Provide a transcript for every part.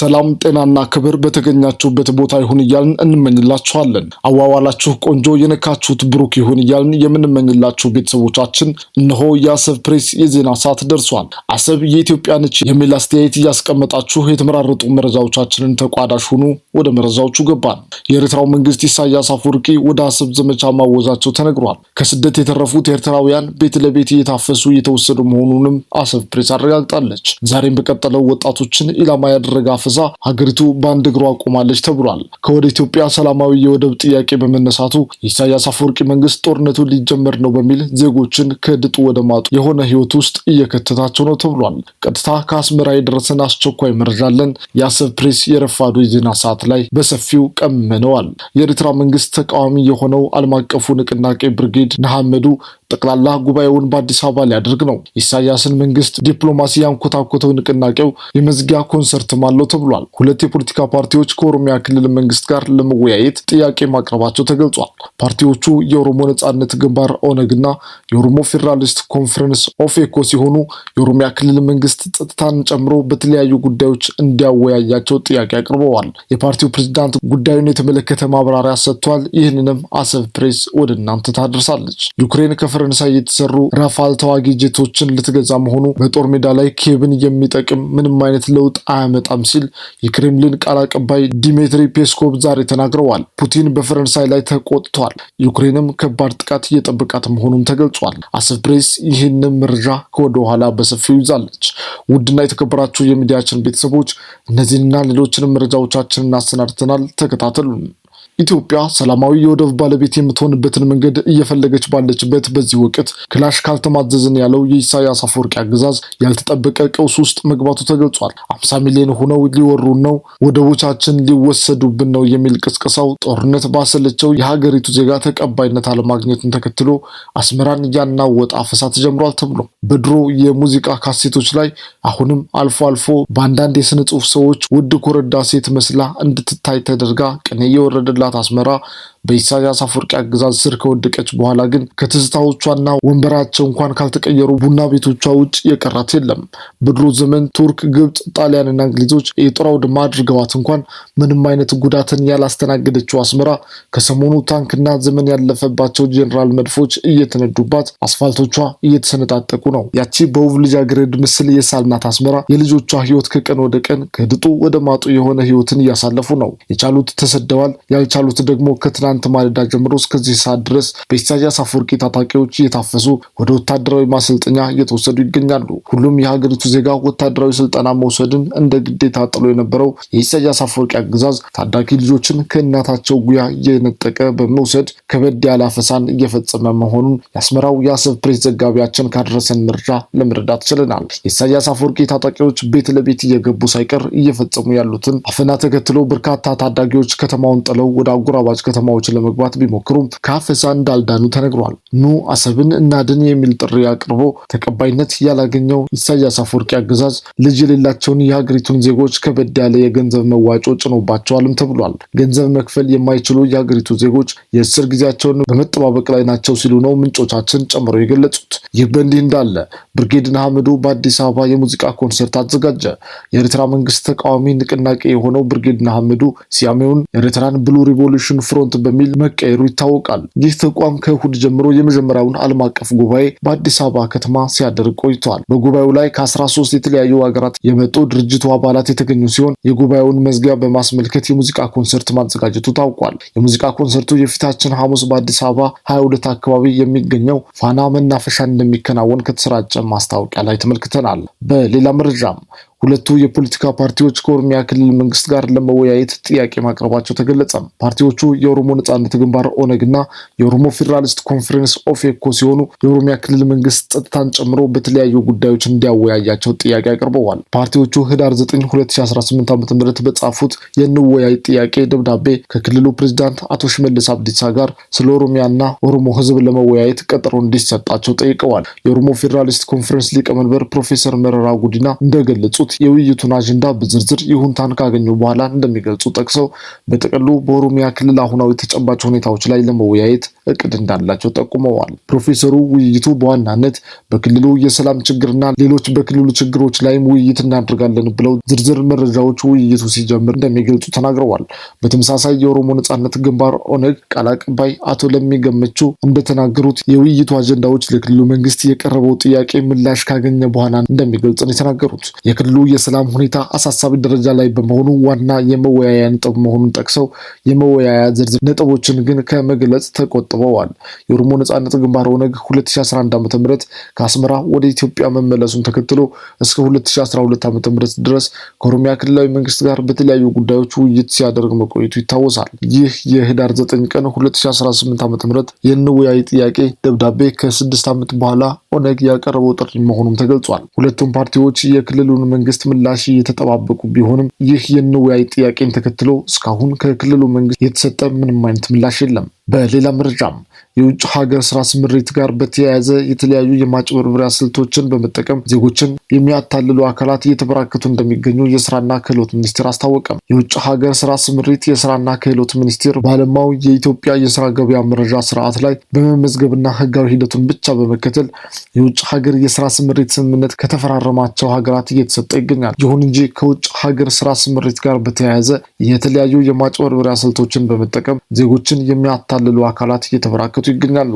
ሰላም ጤናና ክብር በተገኛችሁበት ቦታ ይሁን እያልን እንመኝላችኋለን። አዋዋላችሁ ቆንጆ፣ የነካችሁት ብሩክ ይሁን እያልን የምንመኝላችሁ ቤተሰቦቻችን እነሆ የአሰብ ፕሬስ የዜና ሰዓት ደርሷል። አሰብ የኢትዮጵያ ነች የሚል አስተያየት እያስቀመጣችሁ የተመራረጡ መረጃዎቻችንን ተቋዳሽ ሁኑ። ወደ መረጃዎቹ ገባን። የኤርትራው መንግስት ኢሳያስ አፈወርቂ ወደ አሰብ ዘመቻ ማወዛቸው ተነግሯል። ከስደት የተረፉት ኤርትራውያን ቤት ለቤት እየታፈሱ እየተወሰዱ መሆኑንም አሰብ ፕሬስ አረጋግጣለች። ዛሬም በቀጠለው ወጣቶችን ኢላማ ያደረገ ተዛ ሀገሪቱ በአንድ እግሯ ቆማለች ተብሏል። ከወደ ኢትዮጵያ ሰላማዊ የወደብ ጥያቄ በመነሳቱ የኢሳያስ አፈወርቂ መንግስት ጦርነቱ ሊጀመር ነው በሚል ዜጎችን ከድጡ ወደ ማጡ የሆነ ህይወት ውስጥ እየከተታቸው ነው ተብሏል። ቀጥታ ከአስመራ የደረሰን አስቸኳይ መረጃ አለን። የአሰብ ፕሬስ የረፋዱ የዜና ሰዓት ላይ በሰፊው ቀምመነዋል። የኤርትራ መንግስት ተቃዋሚ የሆነው ዓለም አቀፉ ንቅናቄ ብርጌድ ነሐመዱ ጠቅላላ ጉባኤውን በአዲስ አበባ ሊያደርግ ነው። ኢሳያስን መንግስት ዲፕሎማሲ ያንኮታኮተው ንቅናቄው የመዝጊያ ኮንሰርትም አለው ተብሏል። ሁለት የፖለቲካ ፓርቲዎች ከኦሮሚያ ክልል መንግስት ጋር ለመወያየት ጥያቄ ማቅረባቸው ተገልጿል። ፓርቲዎቹ የኦሮሞ ነጻነት ግንባር ኦነግና የኦሮሞ ፌዴራሊስት ኮንፈረንስ ኦፌኮ ሲሆኑ የኦሮሚያ ክልል መንግስት ጸጥታን ጨምሮ በተለያዩ ጉዳዮች እንዲያወያያቸው ጥያቄ አቅርበዋል። የፓርቲው ፕሬዚዳንት ጉዳዩን የተመለከተ ማብራሪያ ሰጥቷል። ይህንንም አሰብ ፕሬስ ወደ እናንተ ታደርሳለች። ዩክሬን ከፈ በፈረንሳይ የተሰሩ ራፋል ተዋጊ ጀቶችን ልትገዛ መሆኑ በጦር ሜዳ ላይ ኬብን የሚጠቅም ምንም አይነት ለውጥ አያመጣም ሲል የክሬምሊን ቃል አቀባይ ዲሜትሪ ፔስኮቭ ዛሬ ተናግረዋል። ፑቲን በፈረንሳይ ላይ ተቆጥቷል። ዩክሬንም ከባድ ጥቃት እየጠበቃት መሆኑም ተገልጿል። አሰብ ፕሬስ ይህንን መረጃ ከወደ ኋላ በሰፊው ይዛለች። ውድና የተከበራችሁ የሚዲያችን ቤተሰቦች እነዚህንና ሌሎችንም መረጃዎቻችንን አሰናድተናል። ተከታተሉን። ኢትዮጵያ ሰላማዊ የወደብ ባለቤት የምትሆንበትን መንገድ እየፈለገች ባለችበት በዚህ ወቅት ክላሽ ካልተማዘዝን ያለው የኢሳያስ አፈወርቂ አገዛዝ ያልተጠበቀ ቀውስ ውስጥ መግባቱ ተገልጿል። አምሳ ሚሊዮን ሆነው ሊወሩን ነው፣ ወደቦቻችን ሊወሰዱብን ነው የሚል ቅስቀሳው ጦርነት ባሰለቸው የሀገሪቱ ዜጋ ተቀባይነት አለማግኘቱን ተከትሎ አስመራን እያናወጣ አፈሳ ተጀምሯል ተብሎ በድሮ የሙዚቃ ካሴቶች ላይ አሁንም አልፎ አልፎ በአንዳንድ የስነ ጽሑፍ ሰዎች ውድ ኮረዳ ሴት መስላ እንድትታይ ተደርጋ ቅኔ የወረደላት አስመራ በኢሳያስ አፈወርቂ አገዛዝ ስር ከወደቀች በኋላ ግን ከትዝታዎቿና ወንበራቸው እንኳን ካልተቀየሩ ቡና ቤቶቿ ውጭ የቀራት የለም። በድሮ ዘመን ቱርክ፣ ግብፅ፣ ጣሊያንና እንግሊዞች የጦር አውድማ አድርገዋት እንኳን ምንም አይነት ጉዳትን ያላስተናገደችው አስመራ ከሰሞኑ ታንክና ዘመን ያለፈባቸው ጄኔራል መድፎች እየተነዱባት አስፋልቶቿ እየተሰነጣጠቁ ነው። ያቺ በውብ ልጃገረድ ምስል የሳልናት አስመራ የልጆቿ ሕይወት ከቀን ወደ ቀን ከድጡ ወደ ማጡ የሆነ ሕይወትን እያሳለፉ ነው። የቻሉት ተሰደዋል፣ ያልቻሉት ደግሞ ከትና ትናንት ማለዳ ጀምሮ እስከዚህ ሰዓት ድረስ በኢሳያስ አፈወርቂ ታጣቂዎች እየታፈሱ ወደ ወታደራዊ ማሰልጠኛ እየተወሰዱ ይገኛሉ። ሁሉም የሀገሪቱ ዜጋ ወታደራዊ ስልጠና መውሰድን እንደ ግዴታ ጥሎ የነበረው የኢሳያስ አፈወርቂ አገዛዝ ታዳጊ ልጆችን ከእናታቸው ጉያ እየነጠቀ በመውሰድ ከበድ ያለ አፈሳን እየፈጸመ መሆኑን የአስመራው የአሰብ ፕሬስ ዘጋቢያችን ካደረሰን መረጃ ለመረዳት ችለናል። የኢሳያስ አፈወርቂ ታጣቂዎች ቤት ለቤት እየገቡ ሳይቀር እየፈጸሙ ያሉትን አፈና ተከትሎ በርካታ ታዳጊዎች ከተማውን ጥለው ወደ አጎራባች ከተማዎች ስፍራዎች ለመግባት ቢሞክሩም ከአፈሳ እንዳልዳኑ ተነግሯል። ኑ አሰብን እናድን የሚል ጥሪ አቅርቦ ተቀባይነት ያላገኘው ኢሳያስ አፈወርቂ አገዛዝ ልጅ የሌላቸውን የሀገሪቱን ዜጎች ከበድ ያለ የገንዘብ መዋጮ ጭኖባቸዋልም ተብሏል። ገንዘብ መክፈል የማይችሉ የሀገሪቱ ዜጎች የእስር ጊዜያቸውን በመጠባበቅ ላይ ናቸው ሲሉ ነው ምንጮቻችን ጨምረው የገለጹት። ይህ በእንዲህ እንዳለ ብርጌድን ሐምዱ በአዲስ አበባ የሙዚቃ ኮንሰርት አዘጋጀ። የኤርትራ መንግስት ተቃዋሚ ንቅናቄ የሆነው ብርጌድን ሐምዱ ሲያሜውን ኤርትራን ብሉ ሪቮሉሽን ፍሮንት በሚል መቀየሩ ይታወቃል። ይህ ተቋም ከእሁድ ጀምሮ የመጀመሪያውን ዓለም አቀፍ ጉባኤ በአዲስ አበባ ከተማ ሲያደርግ ቆይቷል። በጉባኤው ላይ ከ13 የተለያዩ ሀገራት የመጡ ድርጅቱ አባላት የተገኙ ሲሆን የጉባኤውን መዝጊያ በማስመልከት የሙዚቃ ኮንሰርት ማዘጋጀቱ ታውቋል። የሙዚቃ ኮንሰርቱ የፊታችን ሐሙስ በአዲስ አበባ 22 አካባቢ የሚገኘው ፋና መናፈሻ እንደሚከናወን ከተሰራጨ ማስታወቂያ ላይ ተመልክተናል። በሌላ መረጃም ሁለቱ የፖለቲካ ፓርቲዎች ከኦሮሚያ ክልል መንግስት ጋር ለመወያየት ጥያቄ ማቅረባቸው ተገለጸ። ፓርቲዎቹ የኦሮሞ ነጻነት ግንባር ኦነግ እና የኦሮሞ ፌዴራሊስት ኮንፈረንስ ኦፌኮ ሲሆኑ የኦሮሚያ ክልል መንግስት ጸጥታን ጨምሮ በተለያዩ ጉዳዮች እንዲያወያያቸው ጥያቄ አቅርበዋል። ፓርቲዎቹ ህዳር 9 2018 ዓ ም በጻፉት የንወያይ ጥያቄ ደብዳቤ ከክልሉ ፕሬዚዳንት አቶ ሽመልስ አብዲሳ ጋር ስለ ኦሮሚያና ኦሮሞ ህዝብ ለመወያየት ቀጠሮ እንዲሰጣቸው ጠይቀዋል። የኦሮሞ ፌዴራሊስት ኮንፈረንስ ሊቀመንበር ፕሮፌሰር መረራ ጉዲና እንደገለጹት ያሉት የውይይቱን አጀንዳ በዝርዝር ይሁንታን ካገኙ በኋላ እንደሚገልጹ ጠቅሰው በጥቅሉ በኦሮሚያ ክልል አሁናዊ ተጨባጭ ሁኔታዎች ላይ ለመወያየት እቅድ እንዳላቸው ጠቁመዋል። ፕሮፌሰሩ ውይይቱ በዋናነት በክልሉ የሰላም ችግርና ሌሎች በክልሉ ችግሮች ላይም ውይይት እናደርጋለን ብለው ዝርዝር መረጃዎች ውይይቱ ሲጀምር እንደሚገልጹ ተናግረዋል። በተመሳሳይ የኦሮሞ ነጻነት ግንባር ኦነግ ቃል አቀባይ አቶ ለሚገመቹ እንደተናገሩት የውይይቱ አጀንዳዎች ለክልሉ መንግስት የቀረበው ጥያቄ ምላሽ ካገኘ በኋላ እንደሚገልጽ ነው የተናገሩት። የክልሉ የሰላም ሁኔታ አሳሳቢ ደረጃ ላይ በመሆኑ ዋና የመወያያ ነጥብ መሆኑን ጠቅሰው የመወያያ ዝርዝር ነጥቦችን ግን ከመግለጽ ተቆጥበዋል። የኦሮሞ ነጻነት ግንባር ኦነግ 2011 ዓ ም ከአስመራ ወደ ኢትዮጵያ መመለሱን ተከትሎ እስከ 2012 ዓ ም ድረስ ከኦሮሚያ ክልላዊ መንግስት ጋር በተለያዩ ጉዳዮች ውይይት ሲያደርግ መቆየቱ ይታወሳል። ይህ የህዳር 9 ቀን 2018 ዓ ም የንወያይ ጥያቄ ደብዳቤ ከስድስት ዓመት በኋላ ኦነግ ያቀረበው ጥሪ መሆኑም ተገልጿል። ሁለቱም ፓርቲዎች የክልሉን መንግስት መንግስት ምላሽ እየተጠባበቁ ቢሆንም ይህ የንውያይ ጥያቄን ተከትሎ እስካሁን ከክልሉ መንግስት የተሰጠ ምንም አይነት ምላሽ የለም። በሌላ መረጃም የውጭ ሀገር ስራ ስምሪት ጋር በተያያዘ የተለያዩ የማጭበርበሪያ ስልቶችን በመጠቀም ዜጎችን የሚያታልሉ አካላት እየተበራከቱ እንደሚገኙ የስራና ክህሎት ሚኒስቴር አስታወቀም። የውጭ ሀገር ስራ ስምሪት የስራና ክህሎት ሚኒስቴር በዓለማው የኢትዮጵያ የስራ ገበያ መረጃ ስርዓት ላይ በመመዝገብና ህጋዊ ሂደቱን ብቻ በመከተል የውጭ ሀገር የስራ ስምሪት ስምምነት ከተፈራረማቸው ሀገራት እየተሰጠ ይገኛል። ይሁን እንጂ ከውጭ ሀገር ስራ ስምሪት ጋር በተያያዘ የተለያዩ የማጭበርበሪያ ስልቶችን በመጠቀም ዜጎችን የሚያታ የተጠቃለሉ አካላት እየተበራከቱ ይገኛሉ።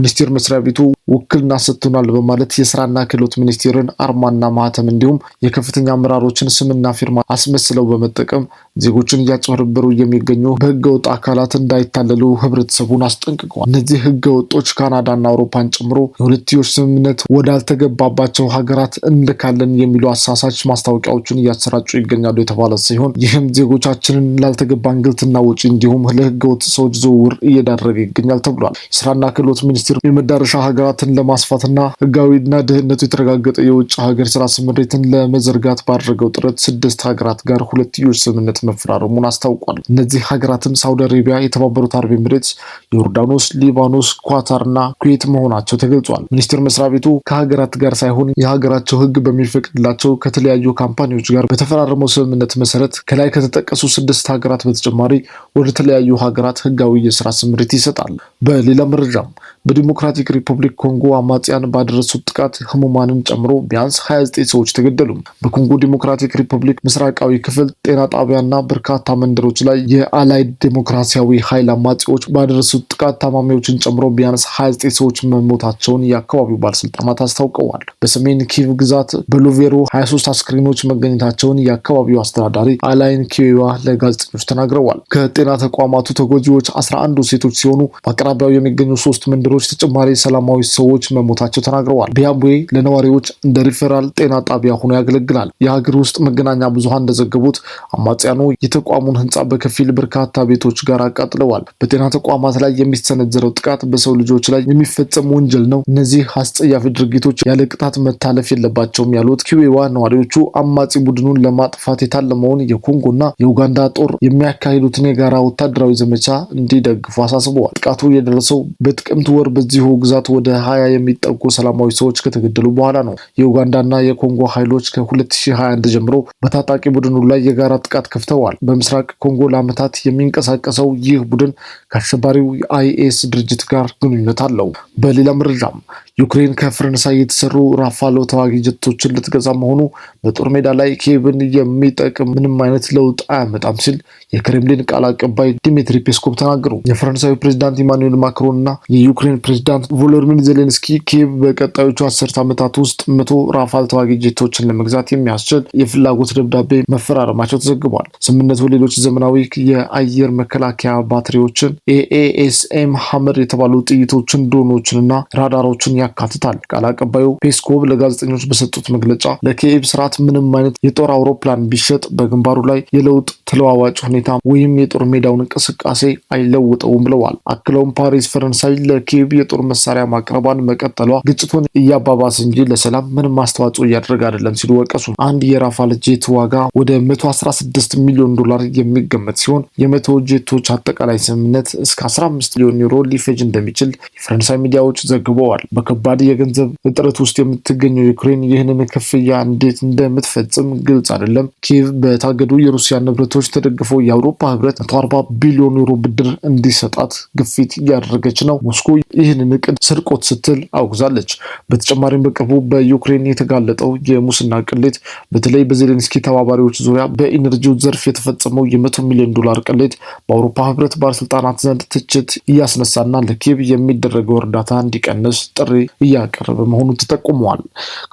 ሚኒስቴር መስሪያ ቤቱ ውክልና ሰጥቶናል በማለት የስራና ክህሎት ሚኒስቴርን አርማና ማህተም እንዲሁም የከፍተኛ አመራሮችን ስምና ፊርማ አስመስለው በመጠቀም ዜጎችን እያጭበረበሩ የሚገኙ በህገወጥ አካላት እንዳይታለሉ ህብረተሰቡን አስጠንቅቀዋል። እነዚህ ህገ ወጦች ካናዳና አውሮፓን ጨምሮ የሁለትዮሽ ስምምነት ወዳልተገባባቸው ሀገራት እንልካለን የሚሉ አሳሳች ማስታወቂያዎችን እያሰራጩ ይገኛሉ የተባለ ሲሆን ይህም ዜጎቻችንን ላልተገባ እንግልትና ወጪ እንዲሁም ለህገወጥ ሰዎች ዝውውር እየዳረገ ይገኛል ተብሏል። የስራና ክህሎት ሚኒስቴር የመዳረሻ ሀገራት ስርዓትን ለማስፋትና ህጋዊና ደህንነቱ የተረጋገጠ የውጭ ሀገር ስራ ስምሪትን ለመዘርጋት ባደረገው ጥረት ስድስት ሀገራት ጋር ሁለትዮሽ ስምምነት መፈራረሙን አስታውቋል። እነዚህ ሀገራትም ሳውዲ አረቢያ፣ የተባበሩት አረብ ኤምሬትስ፣ ዮርዳኖስ፣ ሊባኖስ፣ ኳታርና ኩዌት መሆናቸው ተገልጿል። ሚኒስቴር መስሪያ ቤቱ ከሀገራት ጋር ሳይሆን የሀገራቸው ህግ በሚፈቅድላቸው ከተለያዩ ካምፓኒዎች ጋር በተፈራረመው ስምምነት መሰረት ከላይ ከተጠቀሱ ስድስት ሀገራት በተጨማሪ ወደ ተለያዩ ሀገራት ህጋዊ የስራ ስምሪት ይሰጣል። በሌላ መረጃም በዲሞክራቲክ ሪፐብሊክ ኮንጎ አማጽያን ባደረሱት ጥቃት ህሙማንን ጨምሮ ቢያንስ 29 ሰዎች ተገደሉ። በኮንጎ ዲሞክራቲክ ሪፐብሊክ ምስራቃዊ ክፍል ጤና ጣቢያና በርካታ መንደሮች ላይ የአላይ ዲሞክራሲያዊ ኃይል አማጽዎች ባደረሱት ጥቃት ታማሚዎችን ጨምሮ ቢያንስ 29 ሰዎች መሞታቸውን የአካባቢው ባለስልጣናት አስታውቀዋል። በሰሜን ኪቭ ግዛት በሎቬሮ 23 አስክሬኖች መገኘታቸውን የአካባቢው አስተዳዳሪ አላይን ኪዌዋ ለጋዜጠኞች ተናግረዋል። ከጤና ተቋማቱ ተጎጂዎች 11 ሴቶች ሲሆኑ በአቅራቢያው የሚገኙ ሶስት መንደሮች ተጨማሪ ሰላማዊ ሰዎች መሞታቸው ተናግረዋል። ቢያምቤ ለነዋሪዎች እንደ ሪፈራል ጤና ጣቢያ ሆኖ ያገለግላል። የሀገር ውስጥ መገናኛ ብዙሃን እንደዘገቡት አማጽያኑ የተቋሙን ህንፃ በከፊል በርካታ ቤቶች ጋር አቃጥለዋል። በጤና ተቋማት ላይ የሚሰነዘረው ጥቃት በሰው ልጆች ላይ የሚፈጸም ወንጀል ነው። እነዚህ አስጸያፊ ድርጊቶች ያለ ቅጣት መታለፍ የለባቸውም ያሉት ኪዌዋ ነዋሪዎቹ አማጺ ቡድኑን ለማጥፋት የታለመውን የኮንጎና የኡጋንዳ ጦር የሚያካሂዱትን የጋራ ወታደራዊ ዘመቻ እንዲደግፉ አሳስበዋል። ጥቃቱ የደረሰው በጥቅምት ወር በዚሁ ግዛት ወደ ሀያ የሚጠጉ ሰላማዊ ሰዎች ከተገደሉ በኋላ ነው። የኡጋንዳና የኮንጎ ኃይሎች ከ2021 ጀምሮ በታጣቂ ቡድኑ ላይ የጋራ ጥቃት ከፍተዋል። በምስራቅ ኮንጎ ለዓመታት የሚንቀሳቀሰው ይህ ቡድን ከአሸባሪው የአይኤስ ድርጅት ጋር ግንኙነት አለው። በሌላ መረጃም ዩክሬን ከፈረንሳይ የተሰሩ ራፋሎ ተዋጊ ጀቶችን ልትገዛ መሆኑ በጦር ሜዳ ላይ ኬቭን የሚጠቅም ምንም አይነት ለውጥ አያመጣም ሲል የክሬምሊን ቃል አቀባይ ዲሚትሪ ፔስኮቭ ተናገሩ። የፈረንሳዊ ፕሬዚዳንት ኢማኑኤል ማክሮን እና የዩክሬን ፕሬዚዳንት ቮሎዲሚር ዜሌንስኪ ኪየቭ በቀጣዮቹ አስርት ዓመታት ውስጥ መቶ ራፋል ተዋጊ ጄቶችን ለመግዛት የሚያስችል የፍላጎት ደብዳቤ መፈራረማቸው ተዘግቧል። ስምምነቱ ሌሎች ዘመናዊ የአየር መከላከያ ባትሪዎችን፣ ኤኤኤስኤም ሀመር የተባሉ ጥይቶችን፣ ድሮኖችንና ራዳሮችን ያካትታል። ቃል አቀባዩ ፔስኮቭ ለጋዜጠኞች በሰጡት መግለጫ ለኪየቭ ስርዓት ምንም አይነት የጦር አውሮፕላን ቢሸጥ በግንባሩ ላይ የለውጥ ተለዋዋጭ ሁኔታ ወይም የጦር ሜዳውን እንቅስቃሴ አይለውጠውም ብለዋል። አክለውም ፓሪስ ፈረንሳይ ለኪየቭ የጦር መሳሪያ ማቅረቧን መቀጠሏ ግጭቱን እያባባስ እንጂ ለሰላም ምንም አስተዋጽኦ እያደረገ አይደለም ሲሉ ወቀሱ። አንድ የራፋል ጄት ዋጋ ወደ 116 ሚሊዮን ዶላር የሚገመት ሲሆን የመቶ ጄቶች አጠቃላይ ስምምነት እስከ 15 ሚሊዮን ዩሮ ሊፈጅ እንደሚችል የፈረንሳይ ሚዲያዎች ዘግበዋል። በከባድ የገንዘብ እጥረት ውስጥ የምትገኘው ዩክሬን ይህንን ክፍያ እንዴት እንደምትፈጽም ግልጽ አይደለም። ኪየቭ በታገዱ የሩሲያ ንብረቶች ሀገሮች ተደግፎ የአውሮፓ ህብረት 140 ቢሊዮን ዩሮ ብድር እንዲሰጣት ግፊት እያደረገች ነው። ሞስኮ ይህንን እቅድ ስርቆት ስትል አውግዛለች። በተጨማሪም በቅርቡ በዩክሬን የተጋለጠው የሙስና ቅሌት በተለይ በዜሌንስኪ ተባባሪዎች ዙሪያ በኢነርጂው ዘርፍ የተፈጸመው የመቶ ሚሊዮን ዶላር ቅሌት በአውሮፓ ህብረት ባለስልጣናት ዘንድ ትችት እያስነሳና ለኪየቭ የሚደረገው እርዳታ እንዲቀንስ ጥሪ እያቀረበ መሆኑ ተጠቁመዋል።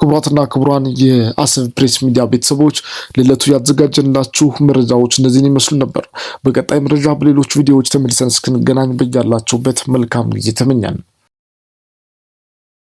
ክቡራትና ክቡራን የአሰብ ፕሬስ ሚዲያ ቤተሰቦች ለዕለቱ ያዘጋጀንላችሁ መረጃዎች እነዚህን ይመስሉ ነበር። በቀጣይ መረጃ በሌሎች ቪዲዮዎች ተመልሰን እስክንገናኝ በያላችሁበት መልካም ጊዜ ተመኛል።